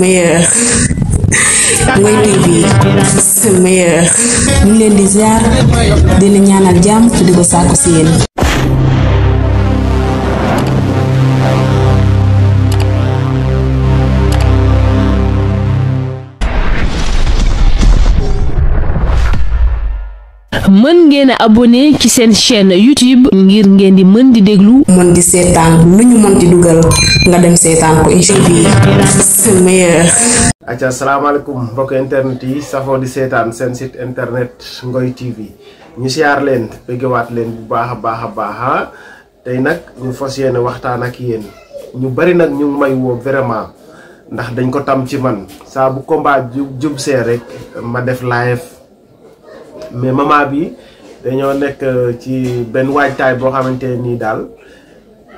meilleur Ngoye TV c'est leen di ziar dina la ñaanal jàmm di ko sàkku si mën ngeen a abonné ci seen chaîne YouTube ngir ngeen di mën di déglu. mën di seetaan lu ñu mën di dugal nga dem seetaan ko incha allah. acca salaamaaleykum mbokk internet yi safoo di seetaan seen site internet Ngoy TV ñu siyaar leen bëggewaat leen bu baax a baax a baax tey nag ñu fas yéene waxtaan ak yéen ñu bari nag ñu may woo vraiment ndax dañ ko tam ci man saa bu combat jub jub see rek ma def live. mais maman bi dañoo nekk euh, ci benn waajtaay boo xamante nii daal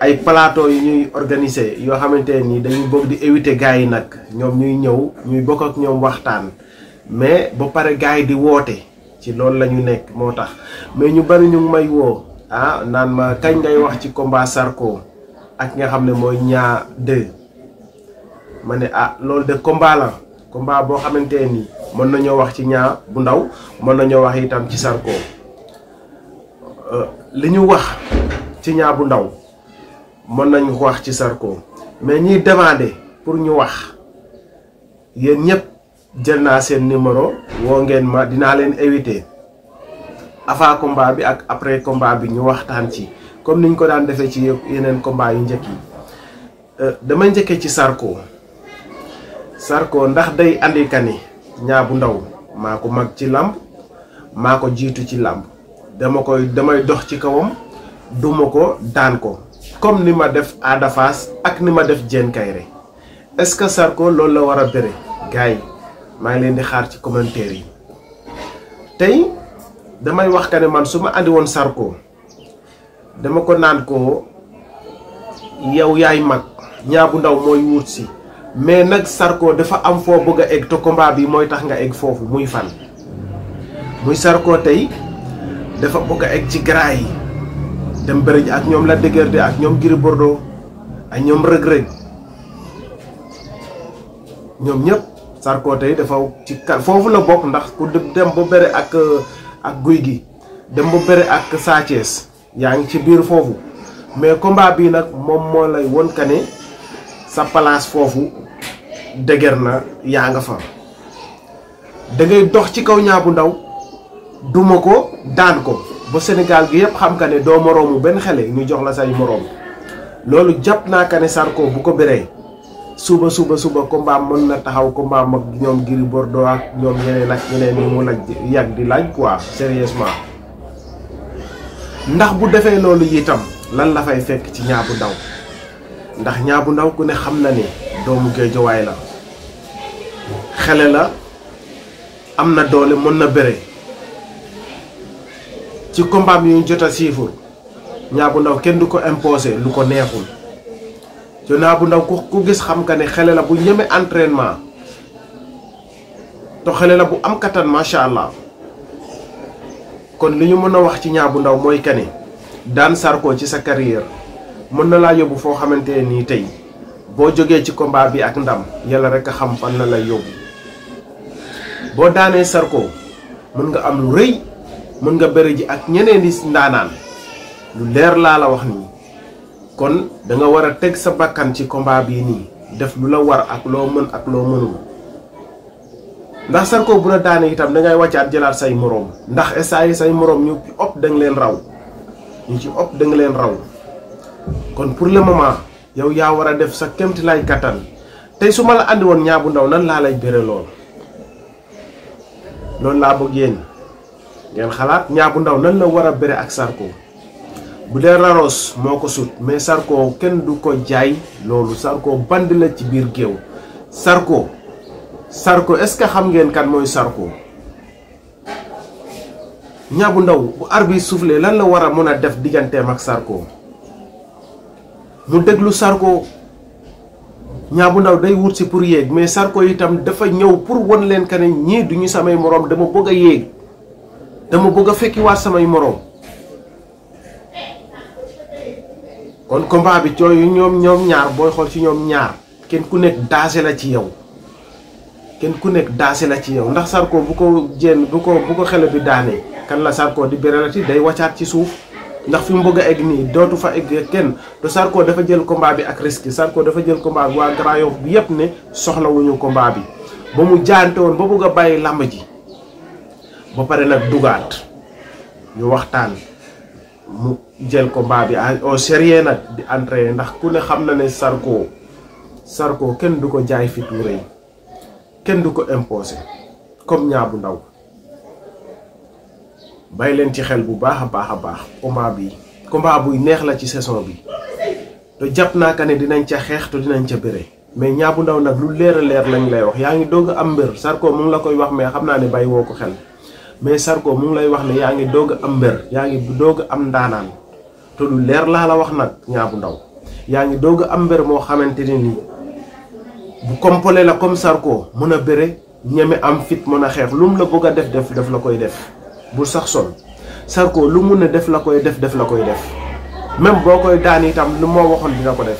ay plateau yu ñuy organiser yoo xamante nii dañuy bëgg di éviter gars yi nag ñoom ñuy ñëw ñuy bokk ak ñoom waxtaan mais ba pare gars yi di woote ci loolu lañu nekk moo tax mais ñu bari ñu may woo ah naan ma kañ ngay wax ci combat Sarko ak nga xam ne mooy ñaa 2 ma ne ah loolu de combat combat boo xamante ni mën nañoo wax ci ñaa bu ndaw mën nañoo wax ci Zarko euh, li ñu wax ci ñaa bu ndaw mën nañu wax ci sarko mais ñiy demandé pour ñu wax yéen ñëpp jël naa seen numéro woo ngeen ma dinaa leen éviter avant combat bi ak après combat bi ñu waxtaan ci comme niñ ko daan defee ci yeneen combat yu njëkk yi euh, damay njëkkee ci Zarko sarko ndax day andi Kani ñaa bu ndaw maa ko mag ci làmb maa ko jiitu ci làmb dama koy damay dox ci kawam duma ko daan ko comme ni ma def Ada Fass ak ni ma def Diène kayre est-ce que Zarko loolu la war a bëre gars yi maa ngi leen di xaar ci commentaire yi tey damay wax que ne man su ma andi woon sarko dama ko naan ko yow yaay mag ñaa bu ndaw mooy wut si mais nag Sarko dafa am foo bëgg a egg te combat bi mooy tax nga egg foofu muy fan muy Sarko tey dafa bëgg a egg ci gras yi dem bëri ak ñoom la de Guiers ak ñoom Gris Bordeaux ak ñoom Reug Reug ñoom ñëpp Sarko tey dafa ci kan foofu la bokk ndax ku dem bu bëri ak ak guy gi dem ba bëri ak Sa yaa ngi ci biir foofu mais combat bi nag moom moo lay won ka sa palaas foofu dëgër na yaa nga fa da ngay dox ci kaw ñaabu ndaw duma ko daan ko ba Sénégal gi yëpp xam ka ne doo moroomu benn xele ñu jox la say moroom loolu jàpp naa ka ne Sarko bu ko béree suba suba suba ko combat mën na taxaw ko combat mag ñoom Gris Bordeaux ak ñoom yeneen ak yeneen yi mu laaj yàgg di laaj quoi sérieusement ndax bu defee loolu itam lan la fay fekk ci ñaabu ndaw ndax ñaa ndaw ku ne xam na ni doomu géejawaay la xele la am na doole mën na bëre ci combat bi ñu jot a siifur ñaa ndaw kenn du ko imposé lu ko neexul yo ñaa bu ndaw ku gis xam ka ne xele la bu ñeme entraînement te xele la bu am kattan macha allah kon li ñu mën a wax ci ñaa bu ndaw mooy kani daan sarko ci sa carrière mën na la yobbu fo xamante nii tey boo jógee ci combat bi ak ndam yalla rek xam fan la yobbu bo boo sarko mën nga am lu reuy mën nga béré ji ak ñeneen di ndaanaan lu leer la la wax ni kon da nga war tek sa bakkan ci combat bi ni def lu la war ak lo mën ak lo mënu ndax sarko bu na daane itam da ngay waccat jëlaat say morom ndax essaye say morom ñu op leen raw ñu ci op da leen raw kon pour le moment yow yaa war a def sa kéemti lay kattan tey su ma la andi woon ñaa bu ndaw nan laa lay béré lool loolu laa bëgg yéen ngeen xalaat ñaa bu ndaw nan la war a béré ak Sarko bu dee Laros moo ko sut mais Sarko kenn du ko jaay loolu Sarko bandi la ci biir géew Sarko Sarko est-ce que xam ngeen kan mooy Sarko ñaa bu ndaw bu arbitre soufflé lan la war a mën a def digganteem ak Sarko. lu déglu Sarko ñaa bu ndaw day wut si pour yéeg mais Sarko itam dafa ñëw pour won leen que ne ñii du ñu samay moroom dama bëgg a yéeg dama bëgg a fekkiwaat samay moroom kon combat bi cooyu ñoom ñoom ñaar booy xool ci ñoom ñaar kenn ku nekk daase la ci yow kenn ku nekk daase la ci yow ndax Sarko bu ko jéem bu ko bu ko xele bi daanee kan la Sarko di beralati day waccaat ci suuf. ndax fi mu bëgg a egg nii dootu fa egg kenn te Sarko dafa jël ko mbaa bi ak risque Sarko dafa jël combat bi waa Grand bi yëpp ne soxlawuñu ko mbaa bi ba mu jaante woon ba bëgg a bàyyi làmb ji ba pare nag dugaat ñu waxtaan mu jël ko mbaa bi au sérieux nag di entraîner ndax ku ne xam na ne Sarko Sarko kenn du ko jaay fit tuure yi kenn du ko imposer comme Niang bu Ndaw bàyyi leen ci xel bu baax a baax a baax combat bi combat buy neex la ci saison bi te jàpp naa ka ne dinañ ca xeex te dinañ ca bëre mais ñaabu ndaw nag lu leer leer lañ lay wax yaa ngi am mbër Zarko mu ngi la koy wax mais xam naa ne bàyyi woo ko xel mais Zarko mu ngi lay wax ne yaa ngi doog am mbër am ndaanaan to lu leer laa la wax nag ñaabu ndaw yaa ngi am bu complet la comme sarko mën a bëre am fit la def def daf edef. def bul sax sol ko lu mun def la koy def def la koy def même bokoy koy daan itam lu mo waxon dina ko def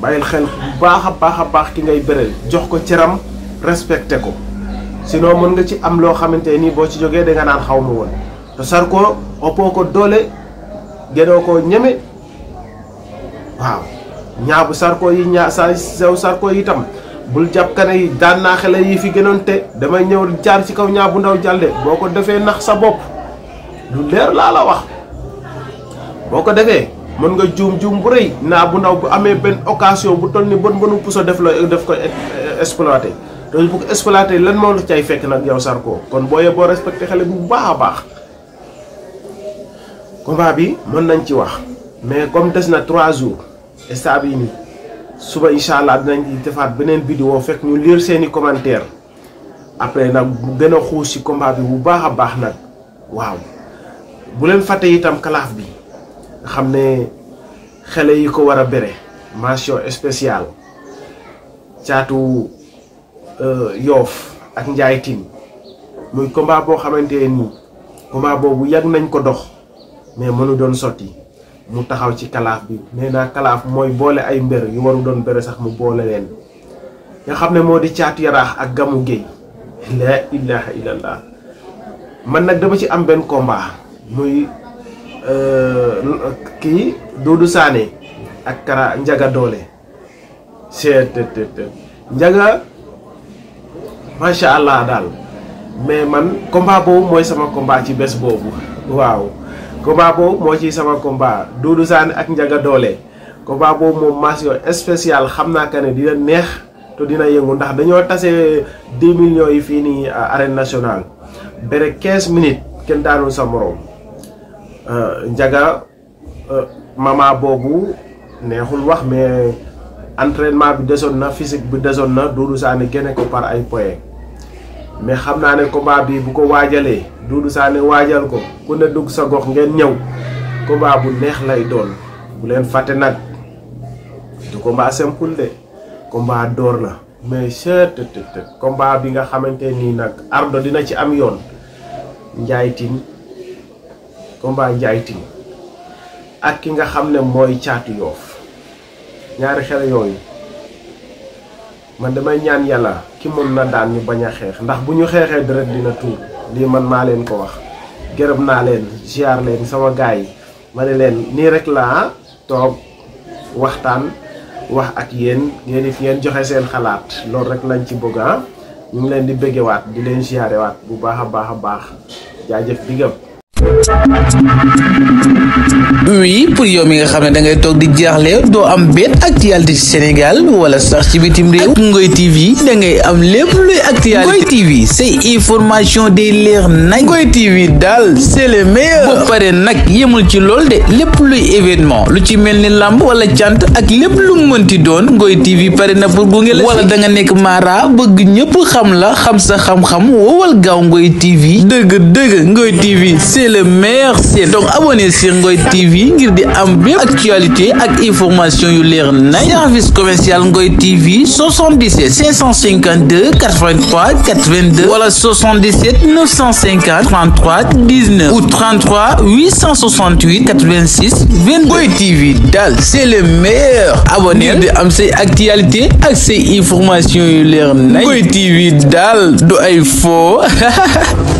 bayil xel bu baakha baakha baax ki ngay beurel jox ko cëram respecté ko sino mën nga ci am lo xamanteni bo ci jógee da nga nan xawmu won to sar ko ko dole gënoo ko ñeme waaw ñaabu ko yi ñaa sa sew ko itam bul jap kané yi daan na xalé yi fi gënonté te ñëw jaar ci kaw ñaa bu ndaw jallé boko défé nax sa bop lu leer la la wax boko défé mën nga joom joom bu reuy na bu ndaw bu amé ben occasion bu tolni ni bon bonu puso def la def ko exploiter donc bu ko exploiter lan mo lu tay fekk nak yow kon boye bo respecté xalé bu baax baax combat bi mën nañ ci wax mais comme na jours instant suba incha allah dinañ defaat beneen vidéo fekk ñu liir seeni i commentaire après nag bu gën a xuus ci combat bi bu baax a baax nag waaw bu fàtte itam kalaaf bi xam ne xale yi ko war a bere mention spéciale caatu euh, yoof ak njaay tin muy combat boo xamante nii combat boobu yàgg nañ ko dox mais mënu doon sotti mu taxaw ci kalaaf bi nee naa kalaaf mooy boole ay mbër yu waru doon bëre sax mu boole leen nga xam ne moo di caatu yaraax ak gamu géey man nag dama ci am benn combat muy euh, kii du Sané ak Kara Njaga Doole seet Njaga macha allah daal mais man combat boobu mooy sama combat ci bés boobu waaw combat boobu mo ci sama combat Doudou san ak njaga dole combat boobu mo masio spéciale xamna ka ne dina neex to dina yengu ndax dañoo tassé 2 millions yi fi ni arène nationale bere 15 minutes ken daanu sa morom euh njaga euh, mama bobu neexul wax mais entraînement bi desone na physique bi desone na Doudou san gene ko par ay points mais xam naa ne combat bii bu ko waajalee saa Sané waajal ko ku ne dugg sa gox ngeen ñëw combat bu neex lay doon bu leen fàtte nag du combat simple de combat door la mais seet combat bi nga xamante nii nag ardo dina ci am yoon Ndiaye Tine combat ak ki nga xam ne mooy caatu yoof ñaari xel yooyu man damay ñaan yàlla ki mën na daan ñu bañ a xeex ndax bu ñu xeexee deret dina tuur lii man maa leen ko wax gërëm naa leen ziar leen sama gars yi ma ne leen nii rek laa ah, toog waxtaan wax ak yéen yéen it ngeen joxe seen xalaat loolu rek lañ ci bëgg ah. ñu ngi leen di bëggewaat di leen ziarewaat bu baax a baax a baax jaajëf digam oui pour yow mi nga xam ne dangay ngay toog di jaaxle doo am benn actualité ci Sénégal wala sax ci bitim réew ak Ngoy TV da ngay am lépp luy actualité Ngoy TV say information day leer nañ Ngoy TV daal c'est le meilleur pare nag yemul ci lool de lépp luy événement lu ci mel ni làmb wala cant ak lépp lu mënti doon Ngoy TV pare na pour gunge la wala danga nekk mara bëgg ñëpp xam la xam sa xam-xam woowal gaaw Ngoy TV dëgg dëgg Ngoy TV le meilleur c'est donc abonné sur Ngoy TV ngir di am actualité ak information service commercial Ngoy TV 77 552 83 82 Voilà 77 950 33 19 ou 33 868 86 22 Ngoy TV Dal. c'est le meilleur abonné vous di am say actualité ak informations information yu TV